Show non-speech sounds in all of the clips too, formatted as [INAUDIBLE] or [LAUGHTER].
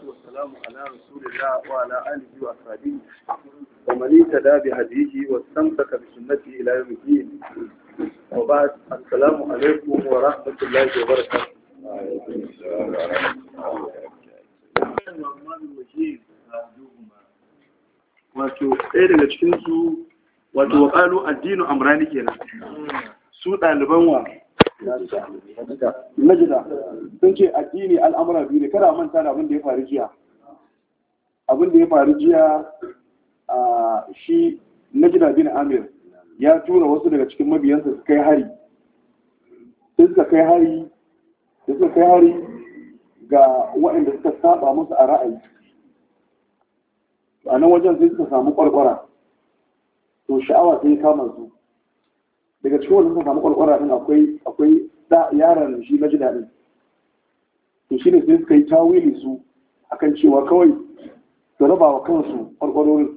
salatu wa salamu ala rasulillah wa ala alihi wa sahbihi wa man ittaba bi hadihi wa istamsaka bi sunnati ila yawm al-din wa ba'd assalamu alaykum wa rahmatullahi wa barakatuh wato ɗaya daga cikinsu wato wa ƙalu addinu amrani kenan su ɗaliban wa najida sun ce addini al'amura biyu ne kada manta da abin da ya faru jiya abin da ya faru jiya a shi najida bin amir ya tura wasu daga cikin mabiyansa su kai hari Sun suka kai hari suka kai hari ga waɗanda suka saba musu a ra'ayi a nan wajen sai suka samu kwarkwara to sha'awa sai kama su daga cikin wannan sun samu kwalkwara din akwai akwai yaran shi na jida din to shi ne sai suka yi tawili su akan cewa kawai su raba wa kansu ƙwarƙwarorin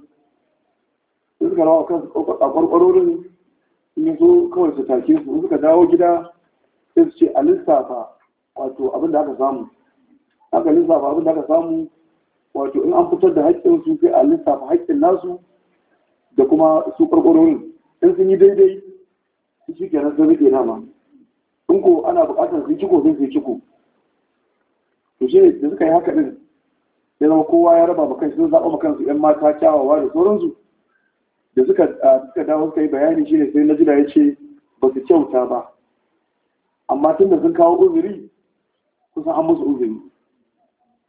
sai suka raba wa kansu ƙwarƙwarorin yi so kawai su take su suka dawo gida sai su ce a lissafa wato abin da aka samu aka lissafa abin da aka samu wato in an fitar da haƙƙin su sai a lissafa haƙƙin nasu da kuma su ƙwarƙwarorin in sun yi daidai shi kenan sun rike dama in ko ana buƙatar su yi ciko sai su ciko to shi da suka yi haka din Sai zama kowa ya raba ma kansu sun zaɓa ma kansu 'yan mata kyawawa da sauransu da suka suka dawo suka yi bayani shi ne sai na jira ya ce ba su kyauta ba amma tun da sun kawo uzuri kusan an musu uzuri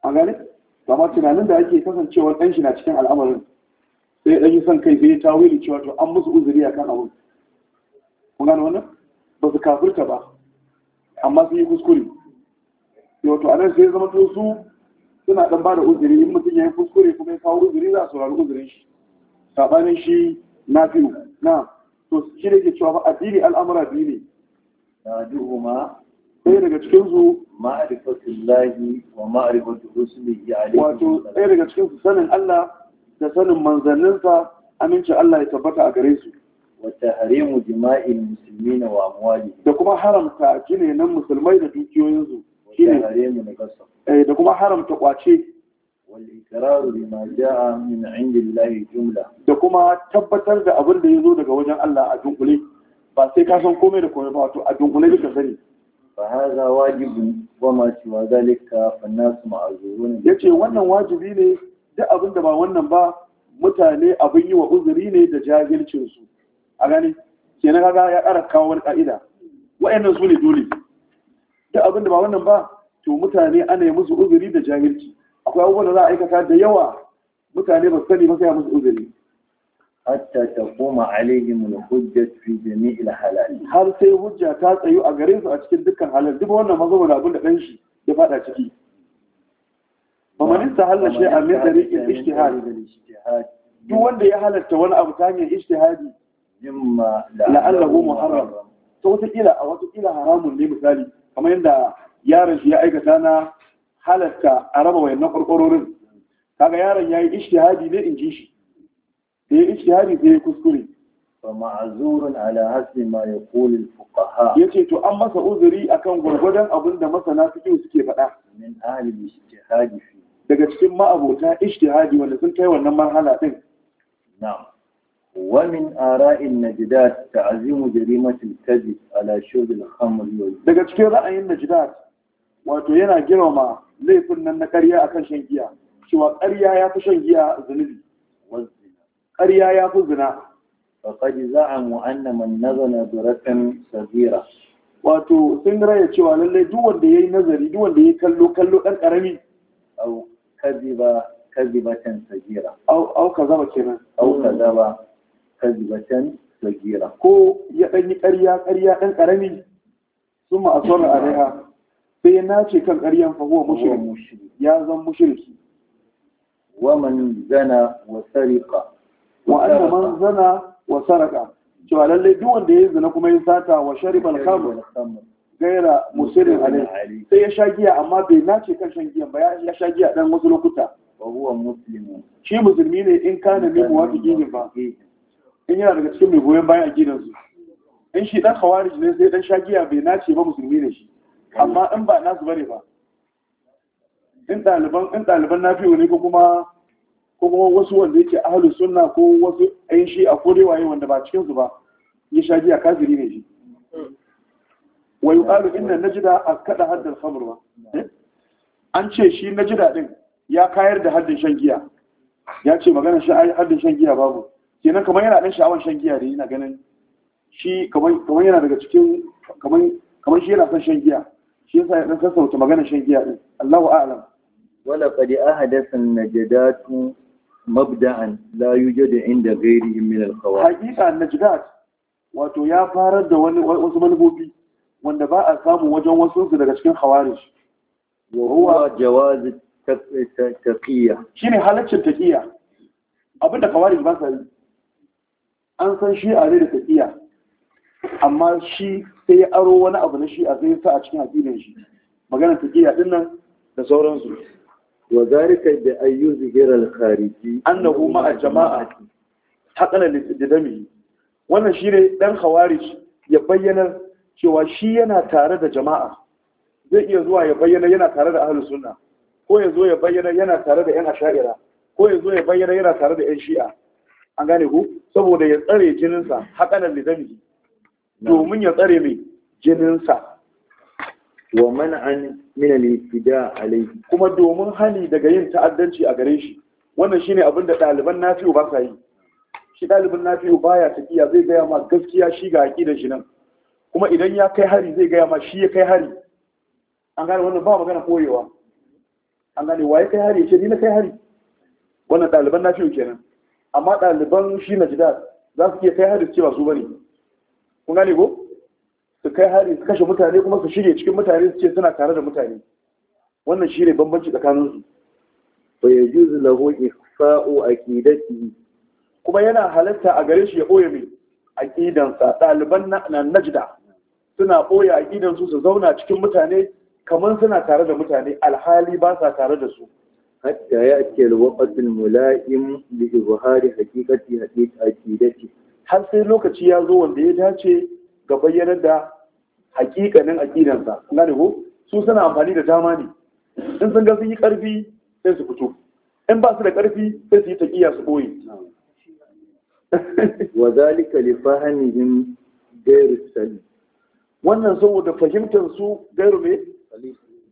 a gane amma tunanin da ake kasancewa ɗan shi na cikin al'amarin sai ɗan yi son kai sai ya tawili cewa to an musu uzuri akan abu kun gano wannan ba su kafirta ba amma sun yi kuskure wato a nan sai zama to su suna dan ba da uzuri in mutum ya yi kuskure kuma ya kawo uzuri za a saurari uzurin shi sabanin shi na fiye na to shi da ke cewa ba addini al'amura biyu ne na ɗaya daga cikin su ma'arifatullahi wa ma'arifatu rusulihi alaihi wato ɗaya daga cikin su sanin Allah da sanin manzanninsa aminci Allah ya tabbata a gare su mu وتحريم جماع المسلمين وأموالهم da kuma haramta nan musulmai da dukiyoyinsu shine mu na kasa eh da kuma haramta kwace Wani wal ikraru bima jaa min indillahi jumla da kuma tabbatar da abin da ya zo daga wajen Allah a dunkule ba sai ka san komai da komai ba wato a dunkule duka sani fa hadha wajibun wa ma siwa zalika fa nas ma'zurun yace wannan wajibi ne da abin da ba wannan ba mutane abin yi wa uzuri ne da jahilcin su a gani kenan kaga ya ƙara kawo wani ƙa'ida wa'annan su ne dole da abin da ba wannan ba to mutane ana yi musu uzuri da jahilci akwai abubuwan da za a aikata da yawa mutane ba su sani ba sai musu uzuri hatta ta koma alaihim al-hujjat fi jami' al-halal har sai hujja ta tsayu a gare su a cikin dukkan halal duk wannan mazo da abin da dan shi ya fada ciki ba man sahalla shay'an min tariqi al-ijtihad duk wanda ya halatta wani abu ta hanyar ijtihadi la'allahu muharram to wata kila a wata kila haramun ne misali kamar yadda yaron shi ya aikata na halatta a raba na kwarkwarorin kaga yaron yayi ishtihadi ne in ji shi da ya ishtihadi sai ya kuskure fa ma'zurun ala hasbi ma yaqul al fuqaha yace to an masa uzuri akan gurgurdan abin da masana fiqh suke faɗa min ahli ishtihadi daga cikin ma'abota ishtihadi wanda sun kai wannan marhala din na'am ومن آراء النجدات تعزيم جريمة الكذب على شرب الخمر daga cikin ra'ayin najdat wato yana girma laifin nan na ƙarya akan shan giya cewa ƙarya ya fi shan giya zunubi ƙarya ya fi zina faqad za'amu anna wato sun raya cewa lallai duk wanda yayi nazari duk wanda yi kallo kallo dan karami au ba can, sabira au au kazaba kenan au zaba. kazibatan sagira ko ya ɗan yi ƙarya ƙarya ɗan ƙarami sun ma a raiha sai na ce kan ƙaryan fa huwa ya zan mushriki wa man zana wa sarika wa anna man zana wa sariqa cewa lallai duk wanda ya zina kuma ya sata wa sharibal khamr gaira musirin Ali. sai ya sha giya amma bai nace kan shan giya ba ya sha giya dan wasu lokuta wa huwa muslimun shi musulmi ne in kana ne muwafiqin ba in yana daga cikin mai goyon bayan gidansu. in shi ɗan khawarij ne sai ɗan shagiya bai nace ba musulmi ne shi amma in ba nasu bane ba in ɗaliban in ɗaliban nafi'u ne ko kuma ko kuma wasu wanda yake ahlus sunna ko wasu ayin shi a kodai waye wanda ba cikin su ba ya shagiya kafiri ne shi wa yuqalu inna najda akada hadd al-khamr wa eh? an ce shi najda din ya kayar da haddin shan giya ya ce magana shi haddin shan giya babu kenan kamar yana dan sha'awar shan giya da yana ganin shi kamar yana daga cikin kamar shi yana son shan giya shi yasa ya ɗan sassauta maganar shan giya din Allahu a'lam wala qad ahadatha najdatu mabda'an la yujadu inda ghayrihi min al-qawaid hakika najdat wato ya farar da wani wasu manufofi wanda ba a samu wajen wasu su daga cikin khawarij wa huwa jawaz taqiyya shine halaccin taqiyya abinda khawarij ba sa yi an san shi a ne da tafiya amma shi sai ya aro wani abu na shi a zai sa a cikin addinin shi maganar tafiya din nan da sauransu wa zalika da ayyu zikra al-khariji annahu ma'a jama'a haqala li dami wannan ne dan khawarij ya bayyana cewa shi yana tare da jama'a zai iya zuwa ya bayyana yana tare da ahlus sunna ko ya zo ya bayyana yana tare da yan asha'ira ko ya zo ya bayyana yana tare da yan shi'a an gane ku saboda ya tsare jininsa haƙanan lidami domin ya tsare mai jininsa wa man'an min al-ibtida alayhi kuma domin hali daga yin ta'addanci a gare shi wannan shine abin da ɗaliban nafi'u ba sa yi shi ɗalibin nafi'u baya tafiya zai gaya ma gaskiya shi ga haƙi shi nan kuma idan ya kai hari zai gaya ma shi ya kai hari an gane wannan ba magana koyewa an gane waye kai hari ya ce ni na kai hari wannan ɗaliban nafi'u kenan amma ɗaliban shi na jida za su iya kai hari su ce ba su bane kun ne ko su kai hari su kashe mutane kuma su shirya cikin mutane su ce suna tare da mutane wannan shi ne bambanci tsakanin su zula yajuzu lahu a aqidatihi kuma yana halatta a gare shi ya ɓoye mai a kidansa, ɗaliban na jida suna ɓoye kidansu su zauna cikin mutane kamar suna tare da mutane alhali ba sa tare da su حتى يأتي الوقت الملائم لإظهار حقيقة عقيدته har sai lokaci ya zo wanda ya dace ga bayyanar da hakikanin aƙidansa na ne su suna amfani da dama ne in sun ga sun yi ƙarfi sai su fito in ba su da ƙarfi sai su yi taƙiya su ɓoye [LAUGHS] wa zalika li fahimihim gairu wannan saboda fahimtar su gairu ne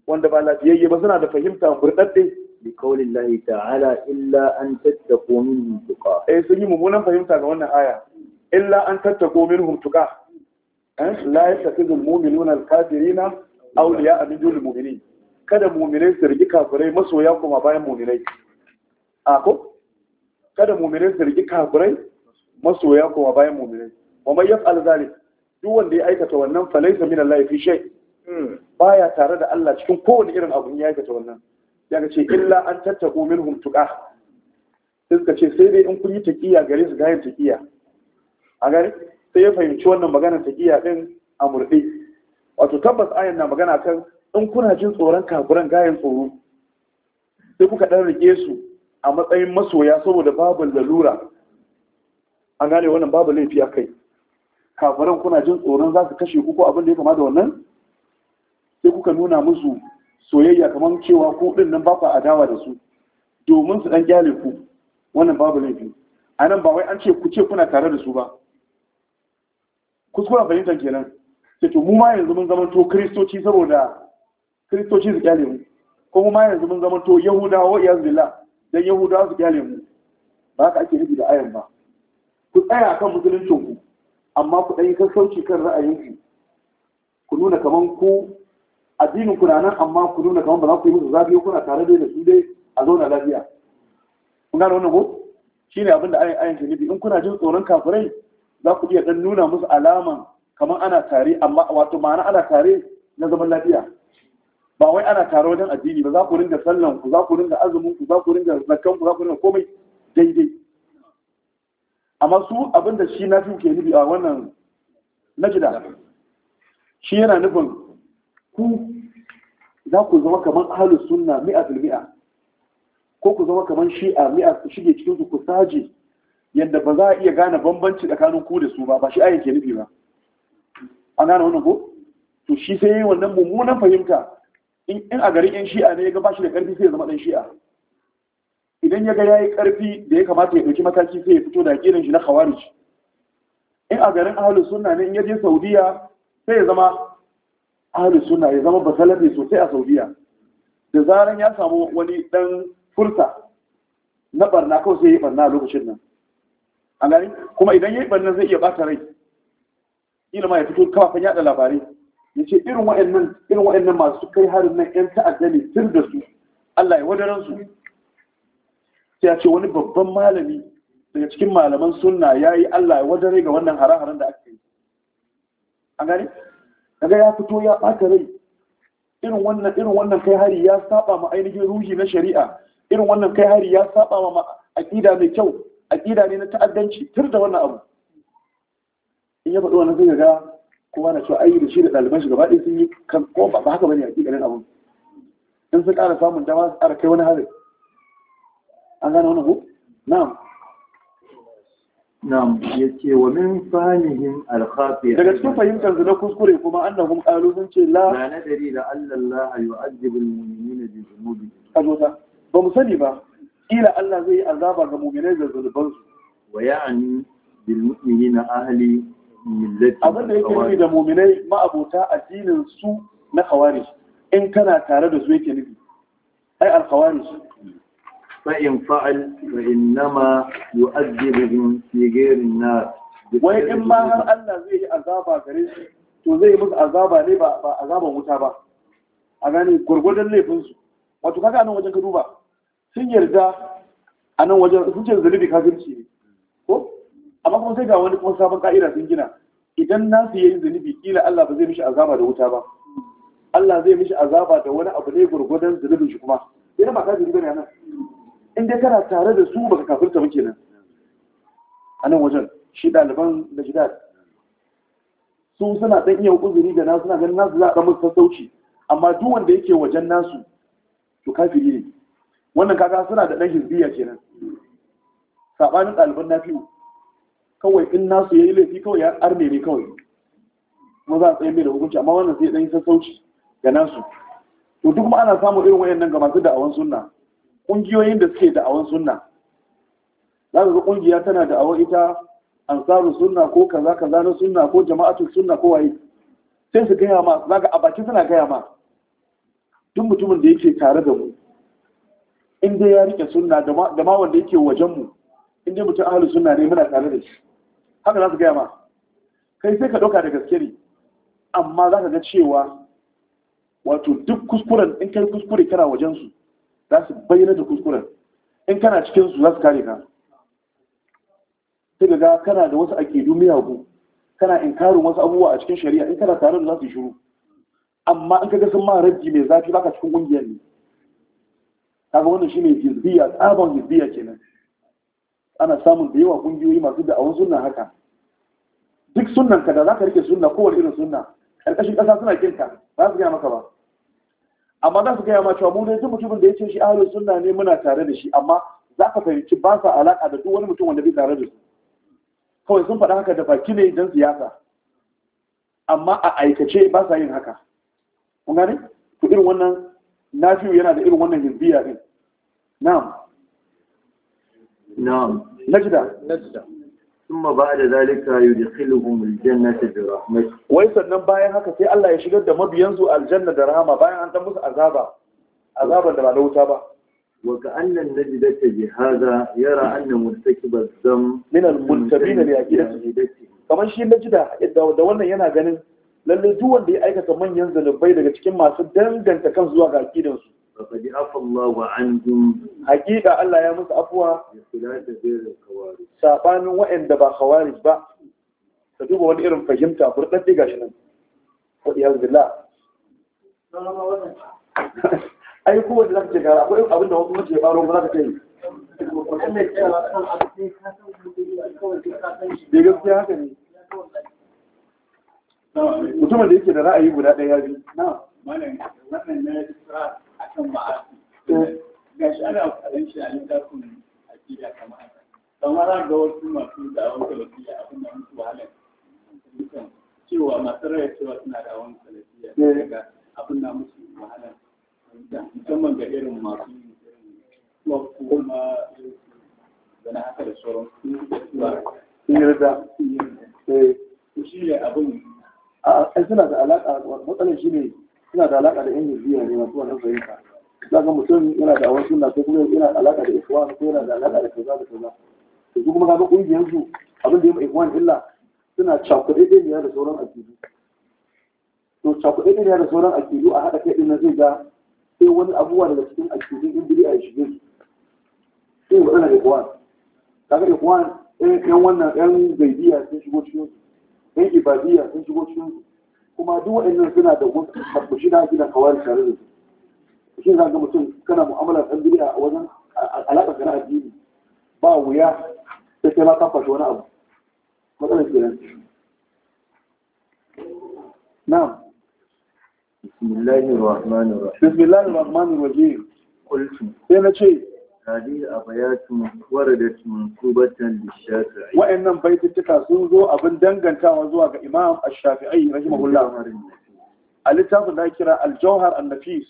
wanda ba lafiyayye ba suna da fahimta burɗaɗɗe لقول الله تعالى إلا أن تتقوا منهم تقى أي سنجي ممونا فهمتا قولنا آية إلا أن تتقوا منهم تقى لا يتخذ المؤمنون الكافرين أولياء من دون المؤمنين kada muminai su rigi kafirai masoya kuma bayan muminai a kada muminai su rigi kafirai masoya kuma bayan muminai wa mai yaf'al duk wanda ya aikata wannan falaisa min Allah fi shay hmm. baya tare da Allah cikin kowane irin abu ya aikata wannan Daga ce illa an tattaku minhum tuqa iska ce sai dai in kun yi taqiya gare su gayan taqiya a gare sai ya fahimci wannan maganar taqiya din a murɗe wato tabbas ayan na magana kan in kuna jin tsoron kafiran gayan tsoro sai kuka dan rike su a matsayin masoya saboda babu lalura an gane wannan babu laifi a kai kafiran kuna jin tsoron za su kashe ku ko abin da ya kama da wannan sai kuka nuna musu soyayya kamar cewa ku din nan ba ku adawa da su domin su dan gyale ku wannan babu laifi a nan ba wai an ce ku ce kuna tare da su ba kuskuren fahimtar kenan sai to mu ma yanzu mun zama to kristoci saboda kristoci su gyale mu ko mu ma yanzu mun zama to yahudawa wa iyaz dan yahudawa su gyale mu ba ka ake nufi da ayan ba ku tsaya kan musuluncin ku amma ku dan yi sauki kan ra'ayinku ku nuna kaman ku addinin ku nan amma ku nuna kamar ba za ku yi musu zafi kuna tare da su dai a zauna lafiya kun gane wannan ko shine abin da ayin ayin jinibi in kuna jin tsoron kafirai za ku iya dan nuna musu alaman kamar ana tare amma wato ma'ana ana tare na zaman lafiya ba wai ana tare wajen addini ba za ku ringa sallan ku za ku ringa azumin ku za ku ringa zakkan ku za ku ringa komai daidai amma su abin da shi fi ke nufi a wannan najida shi yana nufin ku za ku zama kamar ahalus sunna mi'a fil mi'a ko ku zama kamar shi'a mi'a shige cikin su ku saje yadda ba za a iya gane bambanci tsakanin ku da su ba ba shi ayyake nufi ba an gane wannan ko to shi sai yayin wannan mummunan fahimta in a garin yan shi'a ne ya ga ba shi da karfi sai ya zama dan shi'a idan ya ga yayi karfi da ya kamata ya dauki mataki sai ya fito da kiran shi na khawarij in a garin ahlus sunna ne in ya je saudiya sai ya zama ahli suna ya zama basalafi sosai a saudiya da zaran ya samu wani dan furta na barna kawai sai ya yi barna a lokacin nan a gani kuma idan ya yi barna zai iya bata rai ilima ya fito kafafen yada labarai ya ce irin wa'annan irin masu kai harin nan yan ta'adda ne tun da su Allah ya wadaran su sai ya ce wani babban malami daga cikin malaman sunna ya yi Allah ya wadare ga wannan hare-haren da aka yi a gani daga ya fito ya ɓata rai irin wannan kai hari ya saba ma ainihin ruhi na shari'a irin wannan kai hari ya saba ma aƙida mai kyau aƙida ne na ta'addanci tur da wannan abu in ya faɗi wannan zai ga kowa na cewa ayyuka shi da ɗaliban shi gaba ɗaya sun yi kan ko ba haka bane hakikalin abun in sun ƙara samun dama su ƙara kai wani hari an gane wani ku na'am Na'am yace wa min fahimihim al-khafi daga cikin fahimtar su na kuskure kuma annahum qalu sun ce la na nadari da Allah yu'adhibu al-mu'minina bi dhunubi kaza ba mu sani ba ila Allah zai yi azaba ga mu'minai da zunuban su wa ya'ni bil mu'minina ahli millati abin da yake nufi da mu'minai ma'abota addinin su na khawarij in kana tare da su yake nufi ai al-khawarij فإن فعل فإنما يؤذبهم في غير النار وإن ما هل أن زي أذابا غريش to zai yi musu azaba ne ba ba azaban wuta ba a gani gurgurdan laifin su wato kaga anan wajen ka duba sun yarda anan wajen sun ce zalibi kafirci ne ko amma kuma sai ga wani kuma sabon ka'ida sun gina idan nasu yayin zalibi kila Allah ba zai mishi azaba da wuta ba Allah zai mishi azaba da wani abu ne gurgurdan zalibin shi kuma yana ba kafiri bane nan in dai kana tare da su ba ka kafirta muke nan. a nan wajen shi ɗaliban da shi su suna ɗan iya uzuri da nasu suna ganin nasu za a ɗan musu sassauci amma duk wanda yake wajen nasu to kafiri ne wannan kaga suna da ɗan hizbiya kenan saɓanin ɗaliban na fiye kawai in nasu ya yi laifi kawai ya arme ne kawai kuma za a tsaye mai da hukunci amma wannan sai ɗan yi sassauci ga nasu to duk ma ana samun irin wayannan ga masu da'awan sunna ƙungiyoyin da suke da'awar sunna za ka ga ƙungiya tana da'awar ita ansaru sunna ko kaza kaza na sunna ko jama'atul sunna ko waye sai su gaya ma za ka a baki suna gaya ma duk mutumin da yake tare da mu in dai ya rike sunna da ma wanda yake wajen mu in dai mutum ahlus sunna ne muna tare da shi haka za su gaya ma kai sai ka ɗauka da gaske ne amma za ka ga cewa wato duk kuskuren in kai kuskure kana wajen su za su bayyana da kuskuren in kana cikin su za su kare ka sai ga kana da wasu duniya ku, kana inkarin wasu abubuwa a cikin shari'a in kana tare da za su shiru amma in kaga sun ma raji mai zafi baka cikin kungiyar ne kaga wannan shine hizbiya tsaban hizbiya kenan ana samun da yawa kungiyoyi masu awon sunna haka duk sunnan ka da zaka rike sunna kowane irin sunna karkashin kasa suna kinka ba su gaya maka ba amma za su gaya ma cewa mu ne duk mutumin da ya ce shi ahlus sunna ne muna tare da shi amma za ka fahimci ba sa alaƙa da duk wani mutum wanda bai tare da su kawai sun faɗa haka da baki ne don siyasa amma a aikace ba sa yin haka kun gane to irin wannan nafi'u yana da irin wannan hizbiya din na'am na'am najida najida ثم بعد ذلك يدخلهم الجنة برحمته wai sannan bayan haka sai Allah ya shigar da mabiyansu aljanna da rahama bayan an dan musu azaba azaban da ba na wuta ba wa ka'anna najda ta jihaza yara anna murtakib az-zam min al-multabin li kamar shi najda da wannan yana ganin lallai duk wanda ya aikata manyan zanubai daga cikin masu danganta kan zuwa ga su. Faƙadi wa an Hakika Allah ya musu afuwa. Ya Saɓanin waɗanda ba kawari ba. Ka duba wani irin fahimta burɗar diga shi nan. Faɗiyar zila. [LAUGHS] Ai kowace zaka ce akwai abinda da wasu mace ba ruwan zaka ce. Bai gaskiya haka ne. Mutumin da yake da ra'ayi guda ɗaya biyu. Na. Malam, wannan akan ma'asi ga shi ana kwaɗin shi aji da akida kamar haka kamar har ga wasu masu da wanka wasiya abin da musu wahalar cewa masu rayar cewa suna da wanka yan hizbiya ne masu wannan fahimta za ga mutum yana da awon suna ko kuma yana alaka da ikhwan ko yana da alaka da kaza da kaza to su kuma kaga kungiyar su abin da ya mai ikhwan illa suna cakuɗe ɗaya da sauran akidu to cakuɗe ɗaya da sauran akidu a haɗa kai ɗin na zai ga sai wani abubuwa daga cikin akidun in biri a shige su sai waɗanda da ikhwan kaga ikhwan ɗan eh, wannan ɗan zaidiya sun shigo cikin su ɗan ibadiyya sun shigo cikin su kuma duk waɗannan suna da wasu tabbashi da ake da kawai tare da su shi za ga mutum kana mu'amala ɗan bid'a a wajen alaƙa kana addini ba wuya sai kai ma kafa fashe wani abu matsalar ke na'am Na. الله الرحمن الرحيم بسم الله الرحمن الرحيم tahlil abayatun waradatun kubatan lishafi wa'annan baitittuka sun zo abin dangantawa zuwa ga imam ash-shafi'i rahimahullah a littafin da kira al-jawhar an-nafis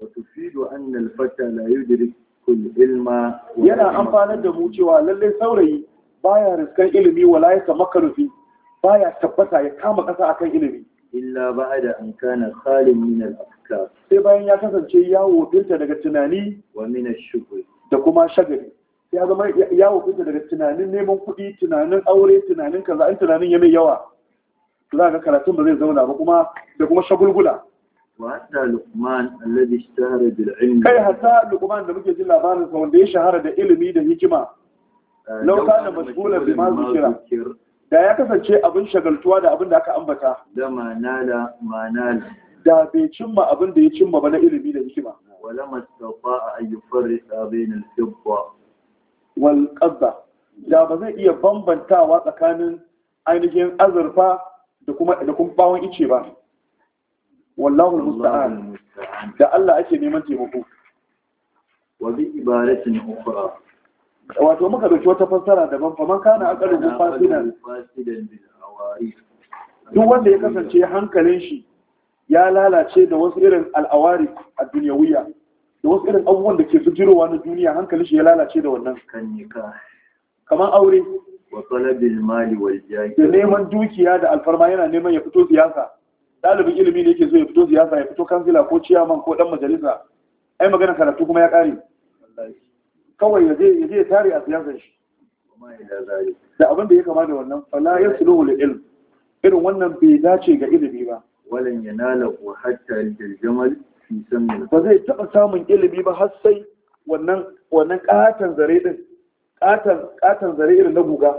wa tufidu anna al-fata la yudriku al-ilma yana amfanar da mu cewa lallai saurayi baya riskan ilimi wala ya tamakarufi baya tabbata ya kama kasa akan ilimi illa ba'da an kana khalin min al sai bayan ya kasance ya wofinta daga tunani wa min ash da kuma shagari ya zama ya hukunta daga tunanin neman kuɗi tunanin aure tunanin kaza in tunanin ya mai yawa za ga karatun ba zai zauna ba kuma da kuma shagulgula shahara لقمان الذي Kai بالعلم كي حتى لقمان ده مجي جلا بارن سوان ده شهر ده علمي ده هجمة لو كان مشغولا بما ذكر da ya kasance abin shagaltuwa da abin da aka ambata da manala manala da bai cimma abin da ya cimma ba na ilimi da hikima ولما استطاع أن يفرق بين الفضة والقبة da ba zai iya bambantawa tsakanin ainihin azurfa da kuma bawon ba wallahu musta'an da Allah ake neman taimako wa bi wato muka dauki wata fassara daban fa man kana aqalu fasidan duk wanda ya kasance hankalin shi ya lalace da wasu irin al'awari a duniyawiya da wasu irin abubuwan da ke bijirowa na duniya hankali shi ya lalace da wannan kamar aure da neman dukiya da alfarma yana neman ya fito siyasa ɗalibin ilimi ne yake zo ya fito siyasa ya fito kansila ko ciyaman ko ɗan majalisa ai magana karatu kuma ya ƙare kawai ya je ya tare a siyasar shi da abin da ya kama da wannan fala ya suluhu ilm irin wannan bai dace ga ilimi ba walan yanalahu hatta aljamal fi sammi ba zai taba samun ilimi ba har sai wannan wannan katan zare din katan katan zare irin na guga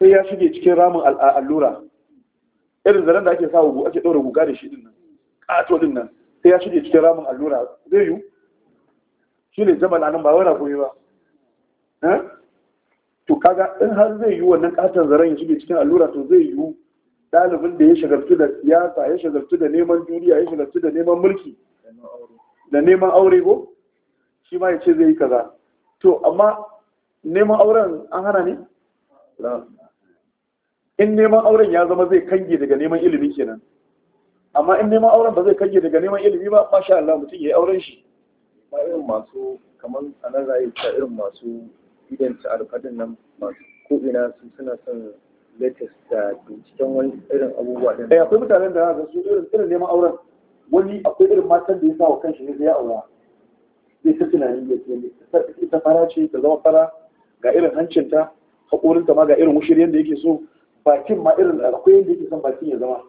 sai ya shige cikin ramin allura irin zaren da ake sa gugu ake daura guga da shi din nan kato din nan sai ya shige cikin ramin allura zai yi shi ne jama'a nan ba wani koyi ba eh? to kaga in har zai yi wannan katon zaren ya shige cikin allura to zai yi ɗalibin da ya shagaltu da siyasa ya shagaltu da neman duniya ya shagaltu da neman mulki da neman aure ko shi ma ya ce zai yi kaza to amma neman auren an hana ne in neman auren ya zama zai kange daga neman ilimi kenan amma in neman auren ba zai kange daga neman ilimi ba masha Allah mutum ya yi auren shi ba irin masu kamar a nan rayu irin masu idan ta alfadin nan masu ko ina suna son latest da binciken wani irin abubuwa ɗin. Eh akwai mutanen da za su irin irin neman auren wani akwai irin matan da ya sa wa kanshi ne zai aura. Zai ta tunani ya ce ita fara ce ta zama fara ga irin hancinta haƙorinta ma ga irin wushiryen da yake so bakin ma irin akwai yadda yake son bakin ya zama.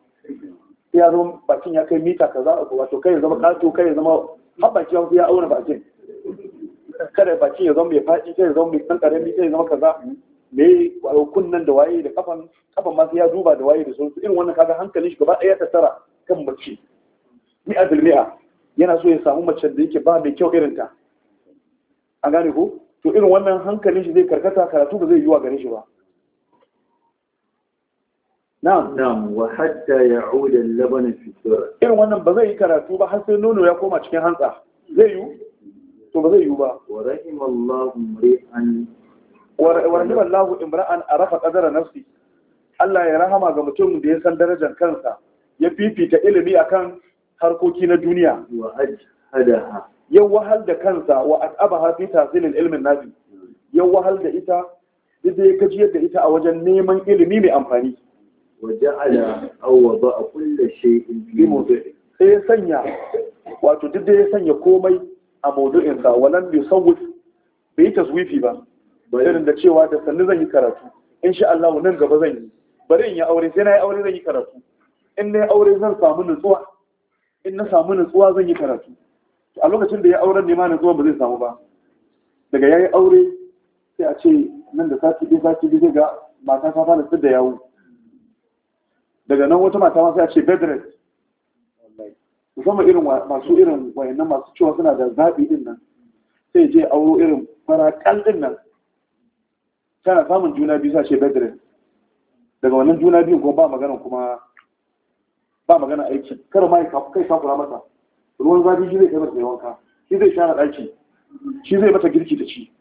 Ya zama bakin ya kai mita kaza to kai ya zama kato kai ya zama har baki ya auna bakin. Kada bakin ya zama mai faɗi kai ya zama mai san ƙarami kai ya zama kaza. me kunnan da waye da kafan kafan ma sai ya duba da waye da sun irin wannan kaga hankalin shi gaba ɗaya ta tara kan mace mi'a bil mi'a yana so ya samu mace da yake ba mai kyau irin ta an gane ko to irin wannan hankalin shi zai karkata karatu ba zai yi wa gare shi ba na'am na'am wa hatta ya'ud al-laban fi sura irin wannan ba zai yi karatu ba har sai nono ya koma cikin hantsa zai yi to ba zai yi ba wa rahimallahu mri'an warahim Allahu imra'an rafa qadara nafsi Allah ya rahama ga mutum da ya san darajar kansa ya fifita ilimi akan harkoki na duniya ya wahal da kansa wa asaba hafi tasirin ilimin nafi ya wahal da ita da ya kaji yadda ita a wajen neman ilimi mai amfani waja'ala aw wada'a kulli shay'in fi mawdi'i sai ya sanya wato duk da ya sanya komai a mawdu'in walan bi sawwif bai taswifi ba irin da cewa da sannu zan yi karatu in sha Allah nan gaba zan yi bari in yi aure sai na yi aure zan yi karatu in na yi aure zan samu nutsuwa in na samu nutsuwa zan yi karatu a lokacin da ya auren ne ma nutsuwa ba zai samu ba daga ya yi aure sai a ce nan da sati biyu sati biyu ga mata ta fara da yawo daga nan wata mata ma sai a ce bedrest musamman irin masu irin wayannan masu cewa suna da zaɓi din nan sai je auro irin fara kallin nan kana samun juna biyu sa ce bedrin daga wannan juna biyu kuma ba magana kuma ba magana aiki kar ma kai takura mata ruwan zafi shi zai kai mata wanka shi zai share ɗaki shi zai mata girki da ci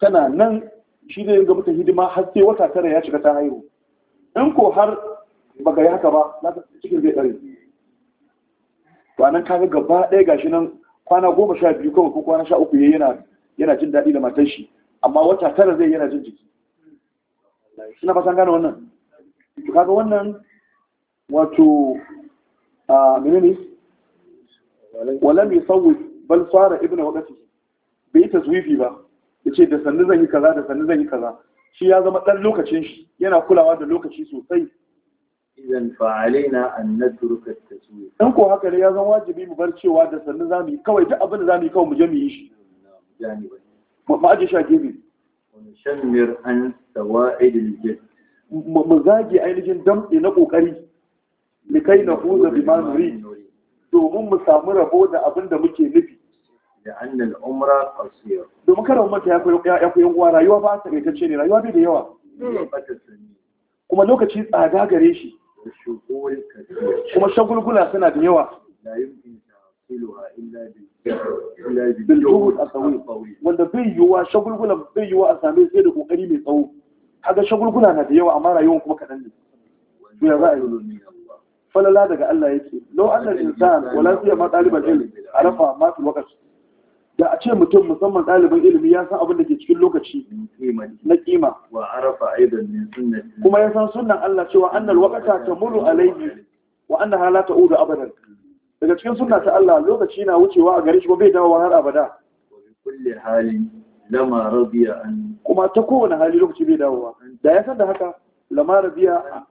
tana nan shi zai ga mata hidima har sai wata tara ya shiga ta haihu in ko har baka yi haka ba za ta cikin zai ɗare to nan kaga gaba ɗaya gashi nan kwana goma sha biyu kawai ko kwana sha uku yana yana jin daɗi da matan shi amma wata tara zai yana jin jiki suna fasan gane wannan to kaga wannan wato a menene walam sauwi bal fara ibnu wakati. bai taswifi ba Ya ce da sannu zan yi kaza da sannu zan yi kaza shi ya zama dan lokacin shi yana kulawa da lokaci sosai idan fa'alaina an natruka taswif dan ko haka ne ya zama wajibi mu bar cewa da sannu zamu yi kawai duk abin da zamu yi kawai mu je mu yi shi ma'aji sha gefe shanmir an sawa'idil jid mu zage ainihin damɗe na ƙoƙari mu kai na huza bi ma nuri domin mu samu rabo da abin da muke nufi da annal umra qasir domin kada mu ya koyi ya koyi rayuwa ba ta gaitacce ne rayuwa bai da yawa kuma lokaci tsada gare shi kuma shagulgula suna da yawa yumkiluha illa bil wanda bai yiwuwa shagulgula bai yiwuwa a same sai da kokari mai tsawo kaga shagulgula na da yawa amma rayuwar kuma kaɗan ne to ya za a yi falala daga Allah yake law anna al-insan wala siya ma talibal ilm arafa ma fi waqt da a ce mutum musamman ɗaliban ilimi ya san abin da ke cikin lokaci na kima kuma ya san sunan Allah cewa annal ta tamuru alaihi, wa annaha la ta'udu abadan daga cikin suna ta Allah lokaci na wucewa a gari shi ba bai dawowa har abada kulli lama an kuma ta kowane hali lokaci bai dawowa da ya san da haka lama biya.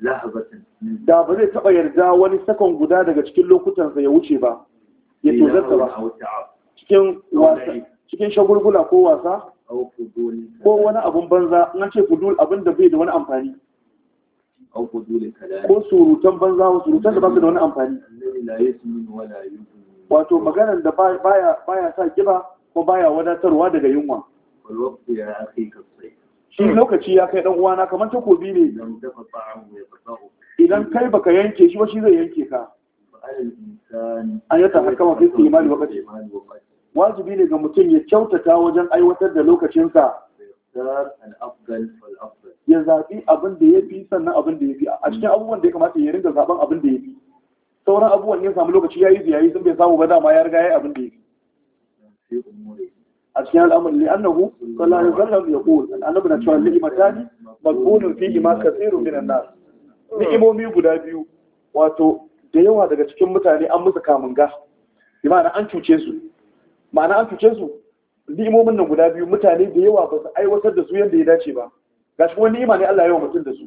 da ba zai taba yarda wani sakon guda daga cikin lokutan sa ya wuce ba ya tozarta ba cikin wasa cikin shagulgula ko wasa ko wani abun banza nan ce fudul abin da bai da wani amfani ko surutan banza ko surutan da ba su da wani amfani yasmin wato maganan da baya baya sa kiba ko baya wadatarwa daga yunwa shi lokaci ya kai dan uwana kamar takobi ne idan kai baka yanke shi ba shi zai yanke ka an yi tahakama fi imani wakati wajibi ne ga mutum ya kyautata wajen aiwatar da lokacinsa ya zaɓi abin da ya fi sannan abin da ya fi a cikin abubuwan da ya kamata ya ringa zaɓen abin da ya fi sauran abubuwan ne samu lokaci ya yi ziyayi sun bai samu ba dama ya riga ya yi abin da ya yi a cikin al'amari ne annahu sallallahu alaihi wasallam ya ko annabi na cewa ni'matani maqbulun fi ima kathirun min an-nas ni'imomi guda biyu wato da yawa daga cikin mutane an musu kamunga bi ma'ana an cuce su ma'ana an cuce su ni'imomin nan guda biyu mutane da yawa ba su aiwatar da su yadda ya dace ba gashi wani ni'ima ne Allah ya yi wa mutum da su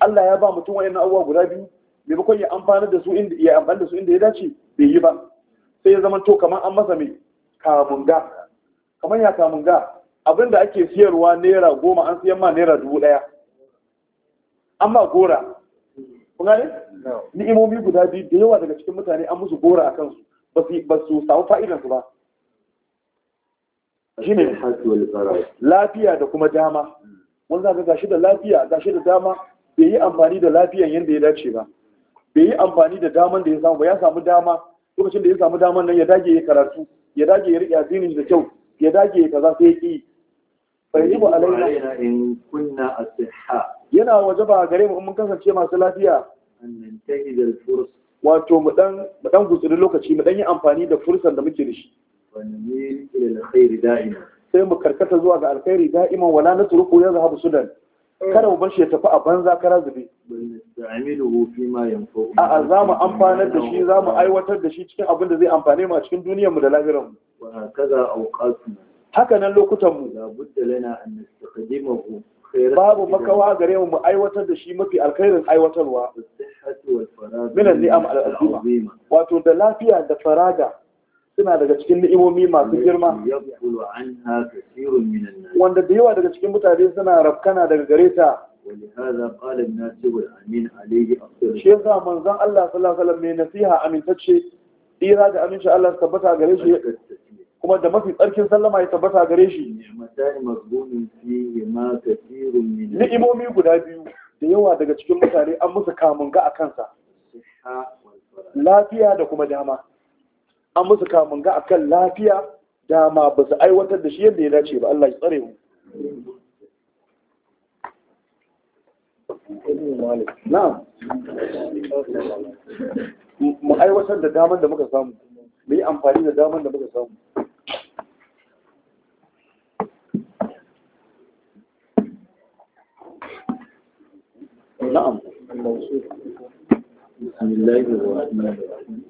Allah ya ba mutum wayannan abubuwa guda biyu maimakon ya amfana da su inda ya amfana da su inda ya dace bai yi ba sai ya zama to kamar an masa mai kamunga kamar ya kamunga abinda ake siyarwa naira goma an siyan ma naira dubu ɗaya an ba gora kun gane ni'imomi guda biyu da yawa daga cikin mutane an musu gora a kansu ba su samu fa'idansu ba shine lafiya da kuma dama hmm. wanda ga gashi da lafiya gashi da dama bai yi amfani da lafiyan yadda ya dace ba bai yi amfani da daman da ya samu ba ya samu dama lokacin da ya samu daman nan ya dage ya karatu ya dage ya riƙe addinin da kyau ya dage ya kaza sai ya ƙi ba alaina in kunna asiha yana waje ba gare mu mun kasance masu lafiya wato mu dan mu dan gutsuri lokaci mu dan yi amfani da fursan da muke da shi sai mu karkata zuwa ga alkhairi da'iman wala natruku yazhabu sudan Eh. kada mu bar shi ya tafi a banza kara zube a'a za mu amfanar da shi za mu aiwatar da shi cikin abin da zai amfane mu a cikin duniyar mu da lahirar mu haka nan lokutan mu babu makawa gare mu mu aiwatar da shi mafi alkhairin aiwatarwa minan ni'am al-azima wato da lafiya da faraga suna daga cikin ni'imomi masu girma wanda da yawa daga cikin mutane suna rafkana daga gare ta shi yasa manzon Allah sallallahu alaihi mai nasiha amintacce tsira da aminci Allah tabbata gare shi kuma da mafi tsarkin sallama ya tabbata gare shi ni'imomi guda biyu da yawa daga cikin mutane an musu kamunga a kansa lafiya da kuma dama an musu kamun ga akan lafiya dama ba su aiwatar da shi yadda ya dace ba Allah ya tsare mu na'am mu aiwatar da damar da muka samu mu yi amfani da damar da muka samu na'am بسم الله الرحمن الرحيم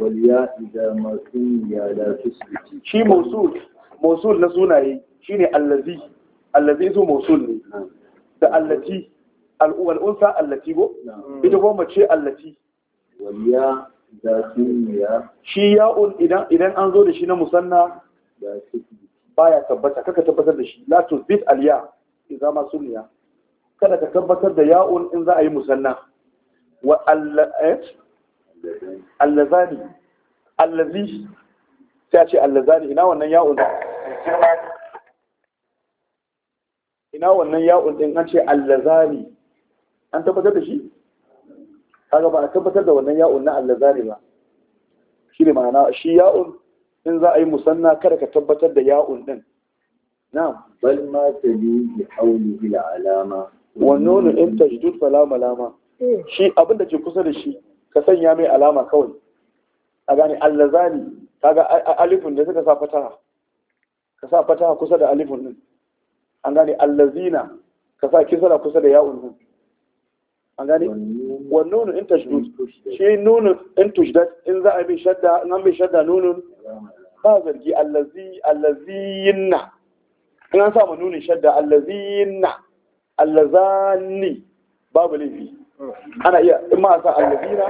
waliya idan masu ya da su shi mosul mosul na sunaye shine allazi allazi su mosul ne da allati al'unsa allati go ita ko mace allati waliya da suniya shi ya'un idan an zo da shi na musanna da baya tabbata kaka tabbatar da shi "Latus, tuzbit aliya idan ma suniya kada ka tabbatar da ya'un in za a yi musanna wa allat eh? allazani allazi sai ce allazani ina wannan ya'un ina wannan ya'un din an ce allazani an tabbatar da shi kaga ba a tabbatar da wannan ya'un na allazani ba shi ne ma'ana shi ya'un in za a yi musanna kada ka tabbatar da ya'un din na'am bal ma tabi bi hawli bil alama Wannan wani in shi fala malama eh. shi abinda ke kusa da shi ka sanya mai alama kawai a gane allazani kaga alifun da suka sa fataha ka sa fataha kusa da alifun din an gane allazina ka sa kisra kusa da ya'un din an gane wan nunu in tashdud shi nunu in tashdud in za a bi shadda in an bi shadda nunun ba zargi allazi allazina in an sa ma nunin shadda allazina allazani babu laifi ana iya in ma a sa allazina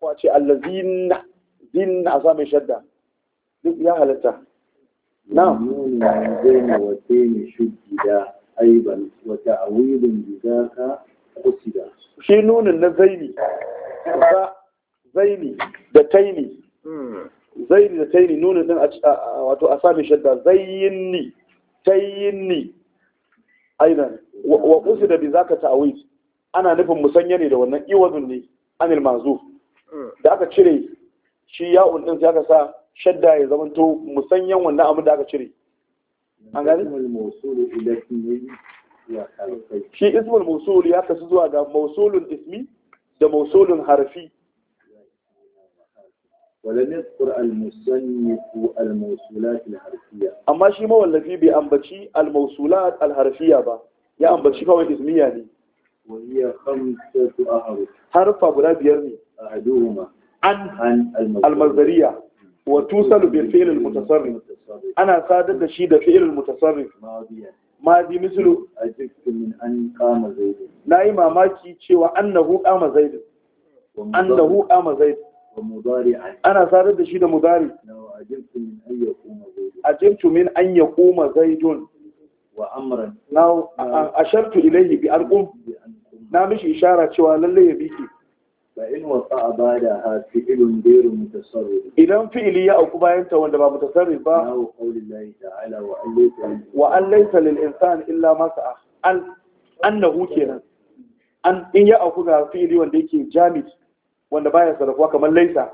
ko a ce allazina zin a sa mai shadda duk ya halatta na'am zaina wa zaini shujida aiban wa ta'awilun bidaka qusida shi nunin na zaini ba zaini da taini zaini da taini nunin din wato a sa mai shadda zayyinni tayyinni aidan wa qusida bi zaka ta'awil ana nufin musanya ne da wannan iwazun ne anil manzu da aka cire shi ya din sai aka sa shadda ya zama to musanyan wannan abin da aka cire an gani shi ismul musul ya kasu zuwa ga mausulun ismi da mausulun harfi ولم يذكر المصنف الموصولات الحرفية أما شيء ما والذي بأنبتي الموصولات الحرفية با يا ambaci kawai ismiya ne. harfa guda biyar ne an almazariya wa tusalu bi fi'lil mutasarrif ana sadar da shi da fi'lil mutasarrif madi mislu ajibtu min an qama cewa annahu qama zaid ana sadar da shi da mudari ajibtu min an yaquma zaidun wa amran now ashartu ilayhi bi na mishi ishara cewa lallai ya biki idan fi'ili ya auku bayan ta wanda ba mutasarrif ba na qaulillahi ta'ala wa an laysa lil insani illa ma sa'a an annahu kenan an in ya auku ga fi'li wanda yake jamid wanda baya sarrafuwa kamar laisa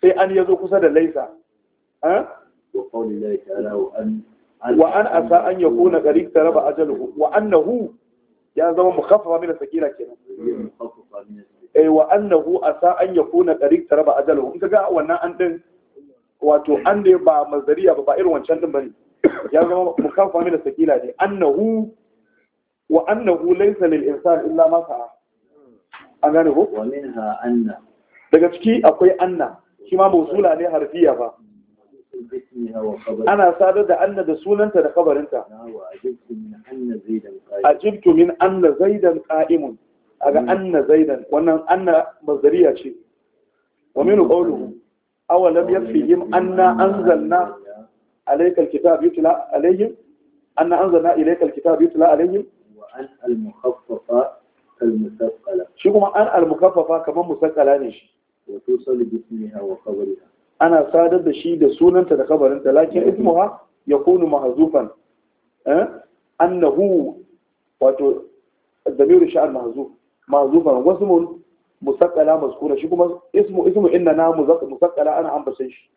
sai an yazo kusa da laisa wa an asa an yakuna qarib taraba ajaluhu wa annahu ya zama mukhaffafa min sakira kenan eh wa annahu asa an yakuna tariq taraba ajalu in kaga wannan an din wato an da ba mazariya ba ba irin wancan din bane ya zama mukhaffafa min sakira ne annahu wa annahu laysa lil insan illa ma sa'a A gane ko wa minha anna daga ciki akwai anna shi ma mausula ne harfiya ba ana sadar da anna da sunanta da kabarinta ajibtu min anna zaidan qa'imun ga anna zaidan wannan anna mazariya ce wa minu, qawluhu aw lam yakfihim anna anzalna alayka alkitab yutla alayhim anna anzalna ilayka alkitab yutla alayhim an shi kuma an kaman ne shi wa bismiha wa qabriha ana sadar da shi da sunanta da kabarinta lakin ismuha ya kunu mahazufan eh? annahu wato damiru sha'an mahazuf mahazufan wasu mun musakkala maskura shi kuma ismu ismu inna na musakkala ana ambacin shi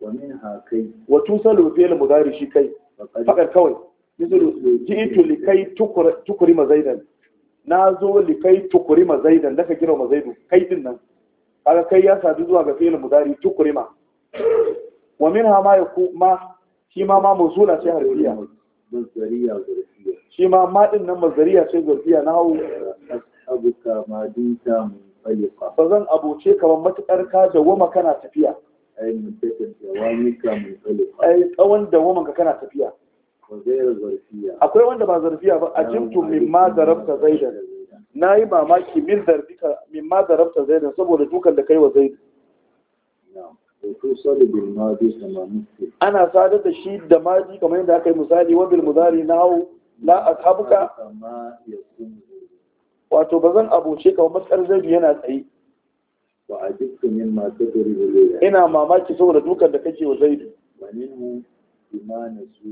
wa minha kai wa tusalu fi'l mudari shi kai fakar kawai yuzuru ji'tu likai tukuri mazaidan na zo likai tukuri mazaidan da ka kira mazaidu kai din nan kaga kai ya sadu zuwa ga fi'il mudari tukrima wa minha ma yaku ma shi ma ma mawsula sai harfiya mazariya zarfiya shi ma ma din nan mazariya ce zarfiya na hau abuka ma dinta mun fayyaka ba zan abuce kaman matakar ka da goma kana tafiya ai mutakin dawaminka mun fayyaka ai tsawon ka kana tafiya akwai wanda ba zarfiya ba ajimtu mimma zarabta zaidan na yi mamaki min darbika min ma darabta zaidan saboda dukan da kai wa zaidan ana sadar da shi da maji kamar yadda aka yi misali wabil muzari na hau la ashabuka wato ba zan abuce kamar matsar zaidu yana tsaye ina mamaki saboda dukan da kake wa zai zaidu bima na su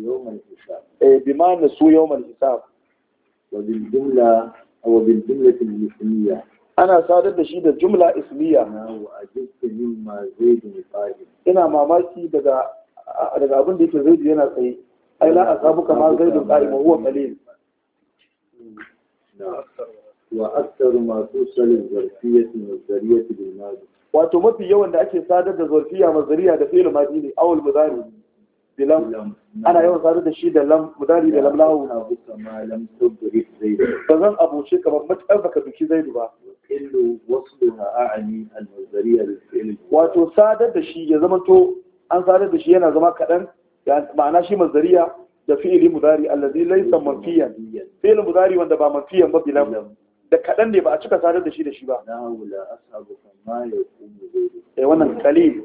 yau mai hisab wa jumla أو بالجملة الإسمية أنا صادر بشيء جملة اسمية وأجبت مما زيد قائل إنا ما ماشي بدا دقا أبن ديك زيد ينا سي أي لا أصابك ما زيد قائم وهو قليل وأكثر ما توصل الظرفية والذرية بالماضي wato mafi yawan da ake sadar da zarfiya mazariya da fi'il madini bilam ana yawan sadu da shi da lam mudari da lam lahu ba zan abuce ka ba matakar baka duki zai ba wato sadar da shi ya zama to an sadar da shi yana zama kaɗan ma'ana shi mazariya da fi'ili mudari allazi laysa manfiyan fi'il mudari wanda ba manfiyan ba bilam da kaɗan ne ba a cika sadar da shi da shi ba eh wannan kalil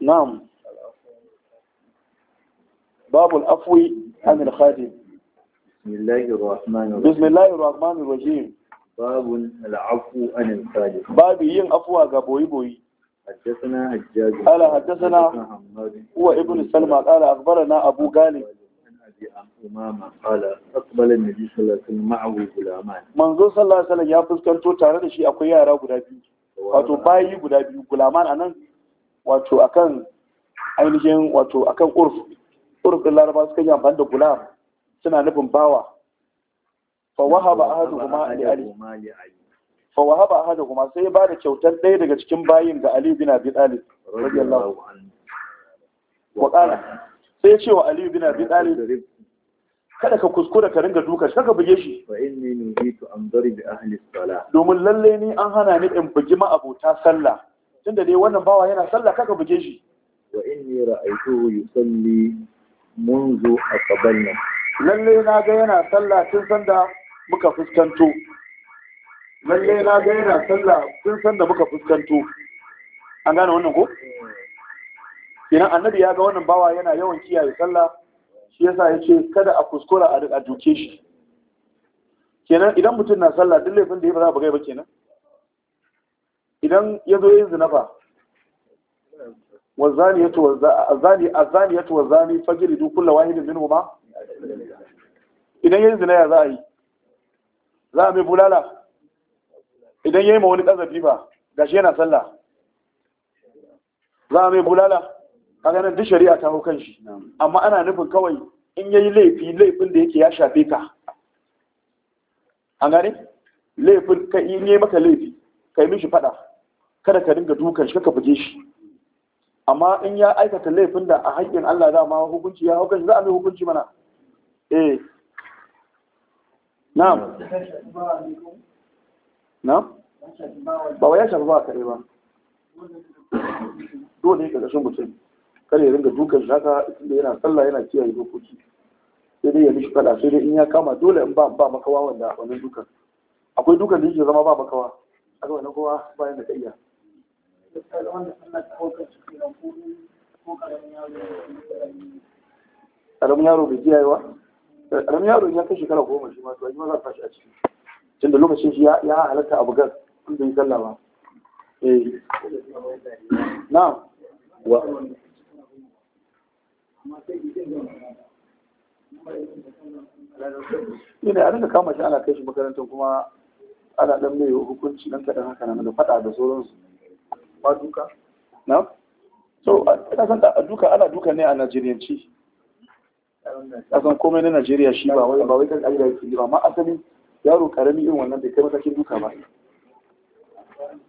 باب الأفو عن الخادم بسم الله الرحمن الرحيم بسم الله الرحمن الرحيم باب العفو عن babu yin ين ga boyi boyi حدثنا حجاج قال حدثنا هو ابن سلمى قال اخبرنا ابو غالب umama kala da ji sallallahu ma'ahu gulaman manzo sallallahu ya fuskanto tare da shi akwai yara guda biyu wato bayi guda biyu gulaman a nan. wato akan ainihin wato akan urf urf din laraba suka yi amfani da gulam suna nufin bawa fa wahaba ahaduhuma li ali fa wahaba ahaduhuma sai ya bada kyautar ɗaya daga cikin bayin ga ali bin abi talib radiyallahu anhu wa qala sai ya ce wa ali bin abi talib kada ka kuskura ka ringa duka shaka buge shi fa inni nuhitu an darib ahli salah domin lalle ni an hana ni in bugi ma abota sallah tunda dai wannan bawa yana sallah kaka buge shi wa inni ra'aytuhu yusalli منذ أقبلنا lalle na ga yana sallah tun sanda muka fuskanto lalle na ga yana sallah tun sanda muka fuskanto an gane wannan ko kenan annabi ya ga wannan bawa yana yawan kiyaye sallah shi yasa ya ce kada a kuskura a duke shi kenan idan mutum na sallah duk laifin da ya ba za a bugai ba kenan idan ya zo yin zina fa wazaniyatu wazani azaniyatu wazani fajridu kullu wahidin ba? idan yayin zina ya za a yi za a mai bulala idan ya yi ma wani kazafi ba shi yana sallah za a mai bulala kaga nan duk shari'a ta hau kanshi amma ana nufin kawai in ya yi laifi laifin da yake ya shafe ka an gani, laifin ka in maka laifi kai mishi fada kada ka dinga dukan shi kaka buge shi amma in ya aikata laifin da a haƙƙin Allah za ma hukunci ya hukunci za a mai hukunci mana eh na'am na'am ba wai ya shafi ba kare ba dole ne ƙarƙashin mutum kare ya ringa dukan shi haka da yana sallah yana kiyaye dokoki sai dai ya mishi fada sai dai in ya kama dole in ba ba makawa wanda wannan dukan akwai dukan da yake zama ba makawa aka wannan kowa bayan da iya. ƙaramin yaro bai kiyayewa ƙaramin yaro ya kai shekara goma shi ma to ma za ta shi a ciki tun da lokacin shi ya halatta abu gar in bai sallah ba eh na'am wa ina a rinka kama shi ana kai shi makarantar kuma ana ɗan mai hukunci dan kaɗan haka nan da faɗa da sauransu ba duka na so a san duka ana duka ne a najeriyanci kasan komai na najeriya shi ba wai ba wai kan ajiyar yake ba amma asali yaro karami irin wannan bai kai matakin duka ba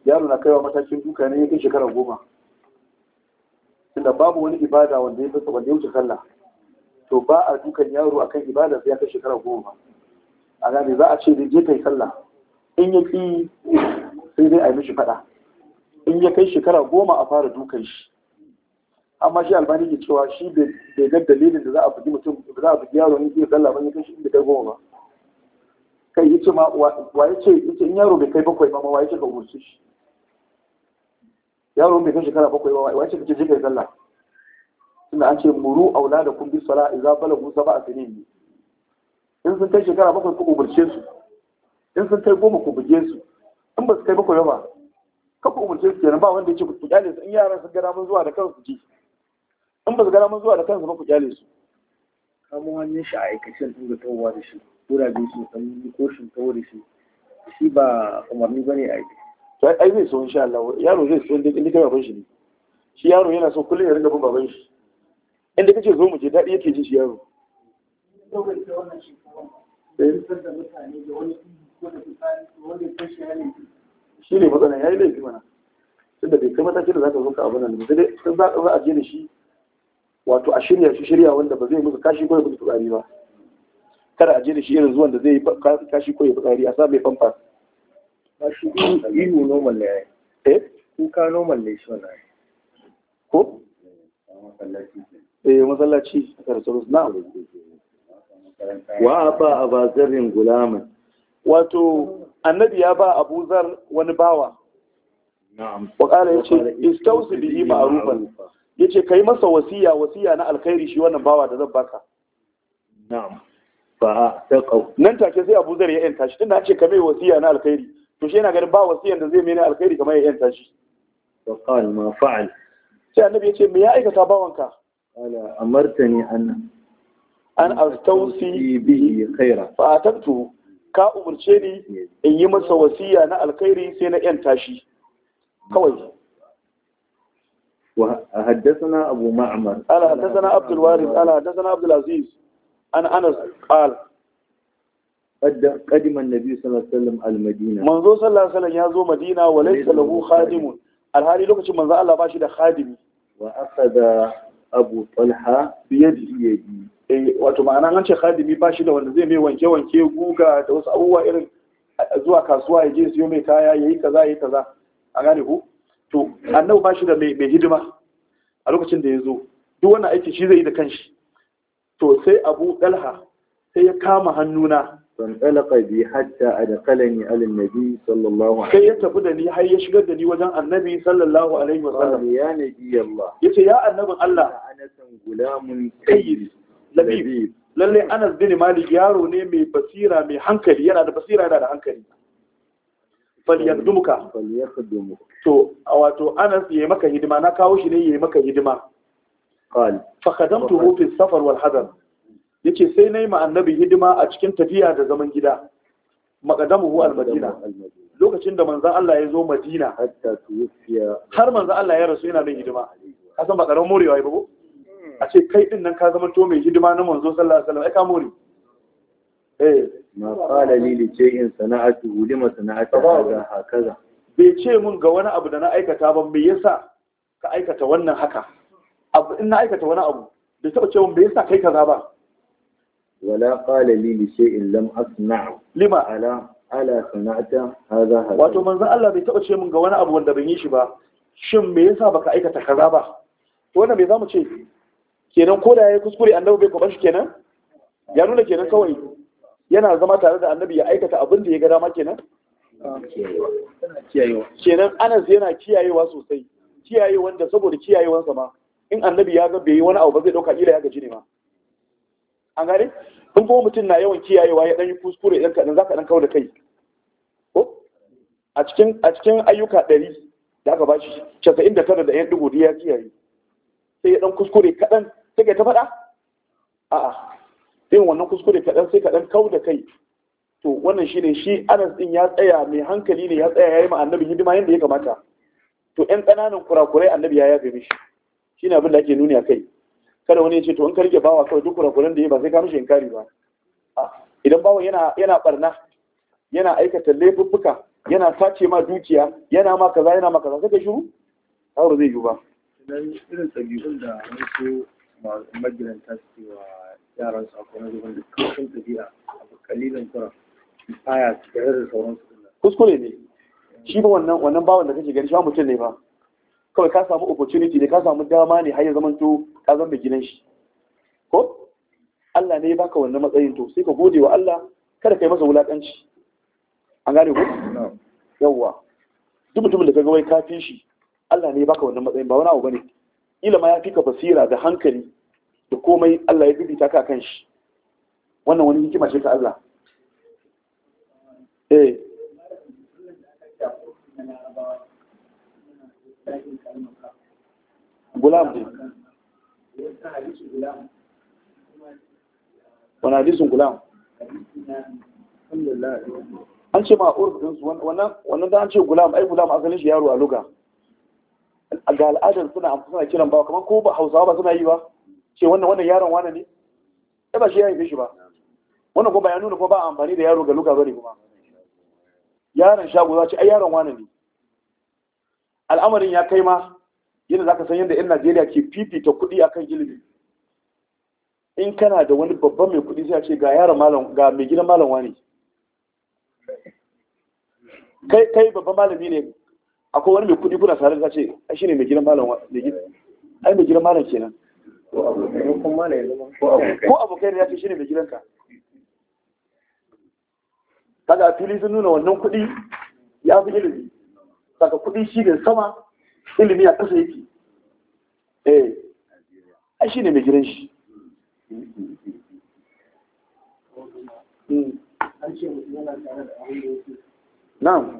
yaro na kaiwa matakin duka ne yake shekara goma tunda babu wani ibada wanda ya fasa wanda ya wuce sallah to ba a dukan yaro akan ibada sai ya kai shekara goma a gane za a ce da je kai sallah in ya fi sai dai a yi mishi faɗa in ya kai shekara goma a fara dukan shi amma shi albani ke cewa shi bai ga dalilin da za a bugi mutum da za a bugi yaro ne ke sallah ban ya shi inda kai goma ba kai ya ce ma wa ya ce in yaro bai kai bakwai ba ma wa ce ka umurce shi yaro bai kai shekara bakwai ba wa ya ce ka je kai sallah tunda an ce muru kun bi sala idza balagu sab'a sinin in sun kai shekara bakwai ku umurce su in sun kai goma ku buge su in ba su kai bakwai ba ka ku umarce su kenan ba wanda ya ce ku kyale su in yaran sun gara mun zuwa da kansu ji in ba su gara mun zuwa da kansu ba ku kyale su kamo hannun shi a aikacin dinga tawowa da shi kurabe su dan koshin tawo da shi shi ba umarni ne a aiki to ai zai so insha Allah yaro zai so inda inda kai baban shi ne shi yaro yana so kullum ya rinka bin baban shi inda kace zo mu je daɗi yake ji shi yaro eh shi ne matsala ya yi laifi mana tunda bai kai matakin da za ka zuka abin nan ba sai sun za a je da shi wato a shirya shi shirya wanda ba zai musu kashi ko ya musu tsari ba kada a je da shi irin zuwan da zai yi kashi ko ya tsari a sa mai famfa ba shi ihu normal ne eh kuka normal ne shi wannan ko eh masallaci a karatu na wa ba a abazarin gulaman wato annabi ya ba abu zar wani bawa ƙara ya ce istausi yi ma'rufan ya ce ka yi masa wasiya wasiya na alkhairi shi wannan bawa da zan baka nan take sai abu zar ya yanta shi ina ce ka mai wasiya na alkhairi to shi yana ganin ba wasiya da zai mene alkhairi kamar ya yanta shi sai annabi ya ce me ya aikata bawanka ala amartani an an astausi bihi khaira fa atabtu ka umarce ni in yi masa wasiya na alkhairi sai na yan tashi kawai حدثنا أبو معمر قال حدثنا عبد الوارث قال حدثنا عبد العزيز عن أنس قال قدم النبي صلى الله عليه وسلم المدينة منذ صلى الله عليه وسلم يزو مدينة وليس له خادم الحالي لوكش منذ الله باشي ده خادم وأخذ أبو طلحة بيده Eh, wato ma'ana an ce khadimi ba shi da wanda zai mai wanke-wanke guga da wasu abubuwa irin zuwa kasuwa ya je siyo mai kaya ya yi kaza ya yi kaza a gane ku to annabi ba shi da mai hidima a lokacin da ya zo duk wannan aiki shi zai yi da kanshi to sai abu dalha sai ya kama hannuna ban dalaka bi hatta adqalani alin nabi sallallahu alaihi sai ya tafi da ni har ya shigar da ni wajen annabi sallallahu alaihi wa sallam ya nabi Allah ce ya annabin Allah ana san gulamun tayyib labib lalle anas bin malik yaro ne mai basira mai hankali yana da basira yana da hankali falyakdumuka falyakdumuka to wato anas yayi maka hidima na kawo shi ne yayi maka hidima qal fa khadamtuhu fi safar wal hadar yace sai nayi ma annabi hidima a cikin tafiya da zaman gida hu al madina lokacin da manzon Allah ya zo Madina hatta tuwfiya har manzon Allah ya rasu yana da hidima kasan ba karan morewa ba ko a ce kai din nan ka zama to mai hidima na manzo sallallahu alaihi wasallam ai ka more eh ma qala li li shay'in sana'atuhu lima sana'ata hadha hakaza bai ce mun ga wani abu da na aikata ba me yasa ka aikata wannan haka abu in na aikata wani abu bai taɓa cewa me yasa kai kaza ba wala qala li li shay'in lam asna'u lima ala ala sana'ata hadha hakaza wato manzo Allah bai taɓa ce mun ga wani abu wanda ban yi shi ba shin me yasa baka aikata kaza ba to wannan me zamu ce kenan ko da yi kuskure annabi bai kwabar shi kenan ya nuna kenan kawai yana zama tare da annabi ya aikata abin da ya ga dama kenan kenan anas yana kiyayewa sosai kiyaye wanda saboda kiyayewansa ma in annabi ya ga bai yi wani abu ba zai dauka ila ya gaji ne ma an gane in kuma mutum na yawan kiyayewa ya ɗan yi kuskure dan za ka ɗan kawo da kai ko a cikin a cikin ayyuka ɗari da aka bashi casa'in da tara da 1 dubu ya kiyaye sai ya ɗan kuskure kaɗan? sai ta faɗa a'a irin wannan kuskure kaɗan sai kaɗan kau da kai to wannan shi ne, shi anas ɗin ya tsaya mai hankali ne ya tsaya ya yi ma annabi hidima yadda ya kamata to ƴan ƙananan kurakurai annabi ya yafe mishi shi abin da ake nuni a kai kada wani ya ce to in ka rike bawa kawai duk kurakuran da ya ba sai ka mishi inkari ba idan bawan yana yana barna yana aikata laifuffuka yana sace ma dukiya yana ma kaza yana ma kaza sai ka shiru hauro zai yi ba magidanta suke yaran su akwai mazubin da kawai tafiya abu kalilin kura aya tare da sauransu kuskure ne shi ba wannan wannan bawan da kake gani shi mutum ne ba kawai ka samu opportunity ne ka samu dama ne har ya zaman to ka zama gidan shi ko Allah ne ya baka wannan matsayin to sai ka gode wa Allah kada kai masa wulakanci an gane ku yawwa duk mutumin da kaga wai ka fi shi Allah ne ya baka wannan matsayin ba wani abu bane ilama ya fika basira da hankali da komai Allah ya bibita ka kan shi wannan wani hikima ce ta Allah eh gulam ne wani hadisun gulam an ce ma urfin wannan da an ce gulam ai gulam asalin shi yaro a luga ga al'adar suna suna kiran bawa kamar ko ba hausawa ba suna yi ba ce wannan wannan yaron wane ne ya eh, ba shi ya haife shi ba wannan ko ba ya nuna ko ba amfani da yaro ga luka bari kuma yaron shago za ce ai yaron wane ne al'amarin ya kai ma yadda zaka san yadda 'yan Najeriya ke fifita kuɗi akan ilimi in kana da wani babban mai kuɗi sai a ce ga yaron malam ga mai gidan malam wane kai kai babban malami ne akwai wani mai kudi kuna tare da ce ai shine mai gidan malam mai gidan ai mai gidan malam kenan ko abokai ne ya ce shine mai gidanka kaga a fili sun nuna wannan kudi ya fi ilimi saka kudi shi ne sama ilimi a ƙasa yake eh ai shine mai gidan shi hmm. Na'am.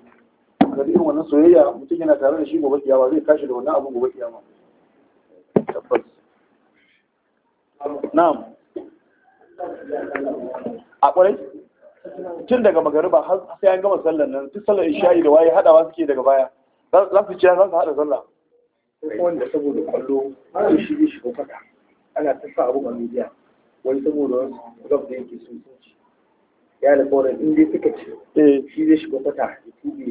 gargaɗi irin wannan soyayya mutum yana tare da shi gobe kiyama zai kashi da wannan abin gobe kiyama tabbas na'am a ƙwarai tun daga magariba har sai an gama sallar nan duk sallar isha'i da waye haɗawa suke daga baya za su ciya za su haɗa sallah wanda saboda kwallo shi ana ta sa abu a media wai saboda wasu da yake sun sun ci ya alƙawarin in dai suka ci eh. shi zai shiga kwata ya tube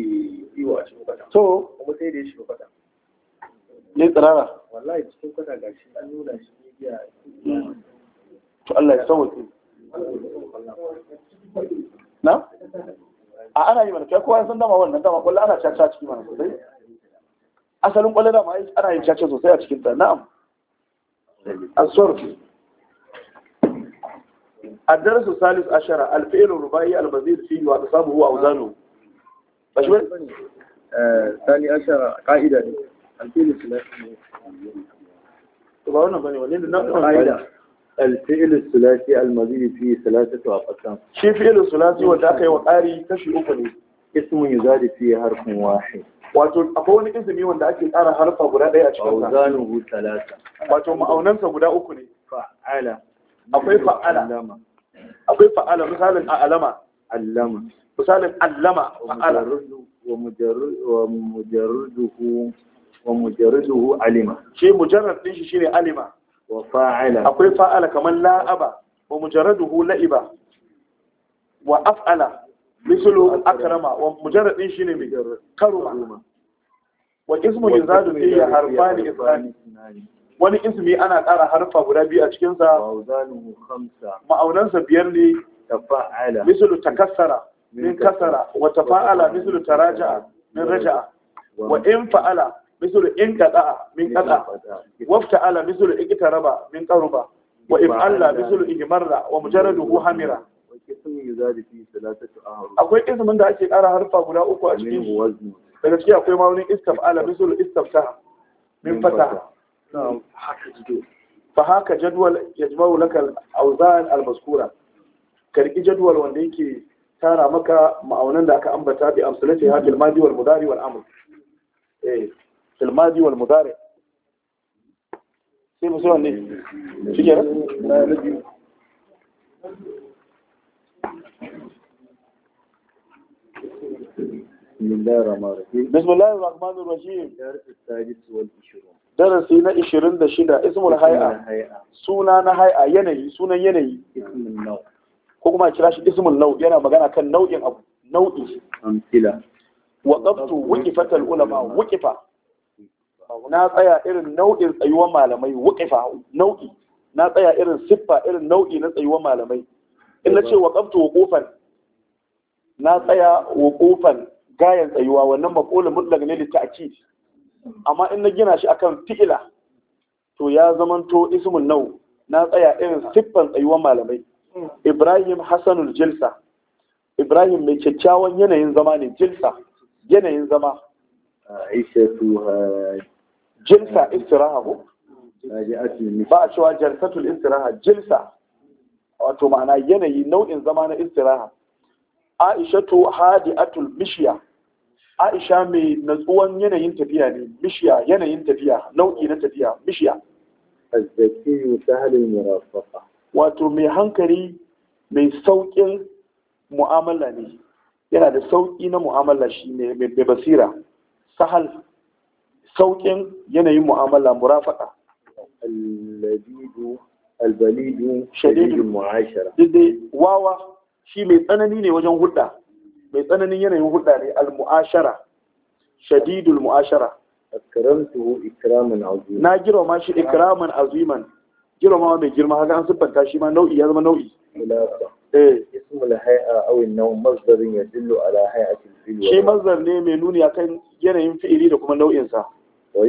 iwo a cikin fata. to kuma sai da ya shiga fata. ya tsirara wallahi cikin kwata ga shi an nuna shi ne biya to Allah ya sauwa ki na a ana yi mana kai kowa san dama wannan dama kwallo ana caca cikin mana sosai asalin kwallo dama ana yin caca sosai a cikin ta na'am an sorfi الدرس الثالث عشر الفعل الرباعي المزيد فيه واتصابه واوزانه ماشي ثاني عشر قاعده دي الفعل الثلاثي بني ولين الفعل الثلاثي المزيد فيه ثلاثه اقسام شي فعل الثلاثي وداخل وقاري كشي uku اسم يزاد فيه حرف واحد wato akwai wani izumi wanda ake ƙara harfa guda ɗaya a cikin sa wazanuhu talata wato ma'aunansa guda uku ne fa'ala akwai fa'ala akwai fa'ala misalin alama allama misalin allama fa'ala wa mujarraduhu wa mujarraduhu alima shi mujarrad din shi shine alima wa fa'ala akwai fa'ala kamar la'aba wa mujarraduhu la'iba wa af'ala mislu akrama wa mujarrad din shine mai karuma wa ismu yuzadu fi harfani isnani wani ismi ana ƙara harfa guda biyu a cikinsa ma'aunansa biyar ne misalu takassara min kasara wa tafa'ala misalu taraja'a min raja'a wa in fa'ala misalu in qada'a min qada'a wa fta'ala misalu raba, min qaruba wa in if'alla misalu ihmarra wa mujarraduhu hamira akwai ismin da ake ƙara harfa guda uku a cikin daga ciki akwai ma'aunin istaf'ala misalu ta, min fataha fa haka jadwal yajma'u laka al-awzan al-mazkura karki jadwal wanda yake tara maka ma'aunan da aka ambata bi amsalati hadil madi wal mudari wal amr eh al madi wal mudari sai musu wanne shi kenan بسم الله الرحمن الرحيم بسم الله الرحمن الرحيم درس السادس والعشرون درسي نا 26 اسم الهيئة سونا نا سونا ينهي اسم النوع ko kuma kira shi ismun yana magana kan nau'in abu nau'i amsila wa qabtu wuqifat al wuqifa na tsaya irin nau'in tsayuwar malamai wuqifa nau'i na tsaya irin siffa irin nau'i na tsayuwar malamai in na wa qabtu na tsaya wuqufan gayan tsayuwa wannan maqulun mutlaq ne litta'kid amma in na gina shi akan fi'ila to ya zamanto ismun nau na tsaya irin siffan tsayuwan malamai Ibrahim Hassanul Jilsa Ibrahim mai kyakkyawan yanayin zama ne jilsa yanayin zama Aisha uh, jilsa istiraha ko ba a cewa jalsatul istiraha jilsa wato ma'ana yanayi nau'in zama na istiraha Aisha hadi atul mishiya Aisha mai natsuwan yanayin tafiya ne mishiya yanayin tafiya nau'i na tafiya mishiya azzaki sahalin murafaqa wato mai hankali mai sauƙin mu'amala ne yana da sauƙi na mu'amala shi ne mai basira sahal sauƙin yanayin mu'amala murafaka al-ladidu al-balidu shadidul mu'ashara dai wawa shi mai tsanani ne wajen hudda mai tsananin yanayin hulɗa ne al-mu'ashara shadidul mu'ashara akramtuhu ikraman azim na girma ma shi ikraman aziman girma ma mai girma haka an siffanta shi ma nau'i ya zama nau'i eh ismul hay'a aw an-nawm masdarin yadullu ala hay'ati al-fi'l shi masdar ne mai nuni akan yanayin fi'ili da kuma nau'in sa wa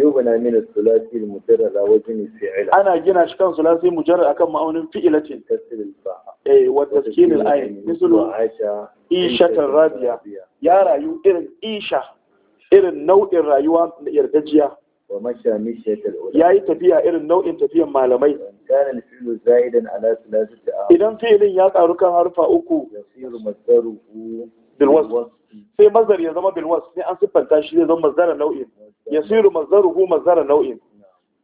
ana gina shi kan sulasi mujarrad akan ma'aunin fi'latin tasir al-fa'a eh wa taskin ayn mislu aisha isha rabiya ya rayu irin isha irin nau'in rayuwa da yardajiya wa masha yayi tafiya irin nau'in tafiyar malamai kana fi'lu zaidan idan fi'lin ya karu kan harfa uku sai mazar ya zama bilwas sai an siffanta shi zai zama mazara nau'in ya siru mazaruhu mazara nau'in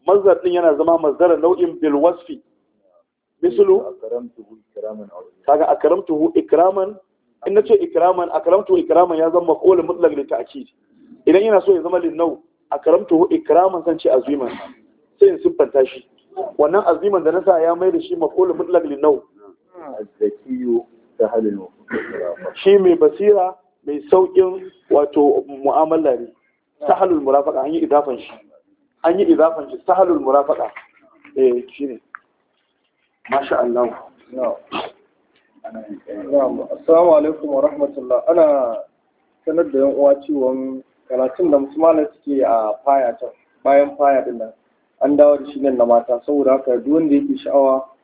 mazar din yana zama mazara nau'in bilwasfi misalu kaga akramtuhu ikraman in nace ikraman akramtuhu ikraman ya zama maqul mutlaq li ta'kid idan yana so ya zama lin nau akramtuhu ikraman san ce aziman sai in siffanta shi wannan aziman da nasa ya mai da shi maqul mutlaq lin nau shi mai basira mai saukin wato mu'amala ne sahalul murafaka an yi idafan shi an yi idafan shi sahalul murafaka eh shine masha Allah assalamu alaikum wa rahmatullah ana sanar da yan uwa ciwon karatun da musulmana suke a faya bayan faya din nan an dawo da shi nan na mata saboda haka duk wanda yake sha'awa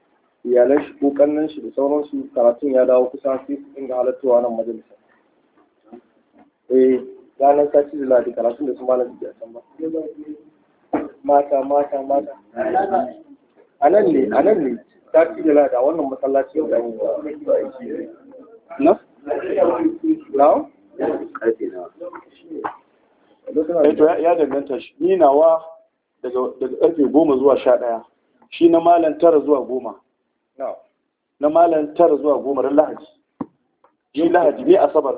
iyalan shi ko kannan shi da sauransu karatun ya dawo kusa sai su dinga halattowa nan majalisa eh ranar sati da ladi karatun da su malam da san ba mata mata mata a nan ne a nan ne sati da ladi a wannan masallaci yau da yi na na karfe na eh, ya danganta shi ni nawa daga karfe goma zuwa sha ɗaya shi na malam tara zuwa goma na malam tara zuwa goma ran lahadi yi lahadi ne asabar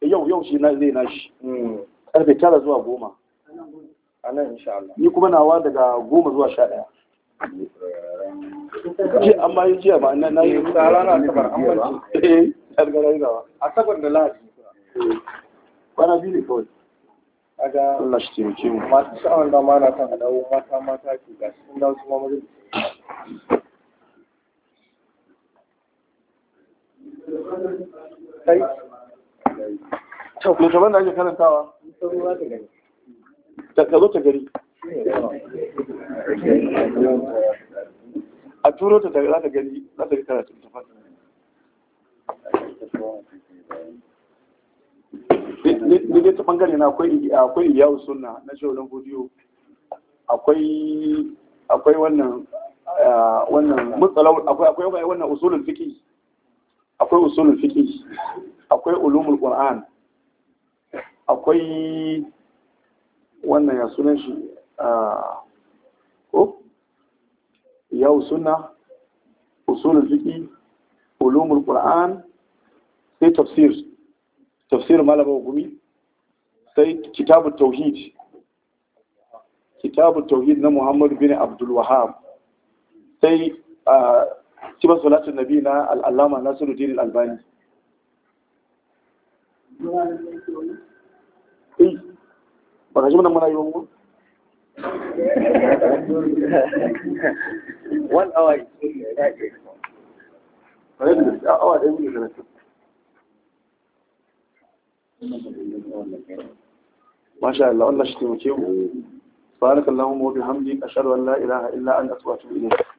yau yau shi na zai nashi hmm. karfe tara zuwa goma ni kuma nawa daga goma zuwa sha ɗaya ji amma yi jiya ba na yi tsara na asabar an banci eh, asabar da lahadi kwana biyu ne kawai kaga Allah shi taimake mu masu sha'awar da ma na kan dawo mata mata ke gashi sun dawo su ma kai littafin da ake karantawa ta zo ta gari a turo ta za ta gari za ta karatu littafin ni dai ta bangare na akwai akwai iyawu sunna na shaulan godiyo akwai akwai wannan eh, wannan mutsalau akwai akwai wannan usulul fiqh akwai usulul fiƙi, akwai ulumul qur'an akwai wannan ya sunan shi ko ah, oh, yau sunna usulul fiqh ulumul qur'an sai tafsir tafsir malaba gumi sai kitabut tauhid kitabut tauhid na Muhammad bin Abdul Wahhab sai ah, سيما صلاة النبي نا الألامة ناصر الدين الألباني إيه بقى جمنا منا وان أوي ما شاء الله الله شتي بارك اللهم وبحمدك أشهد أن لا إله إلا أن أتوب إليك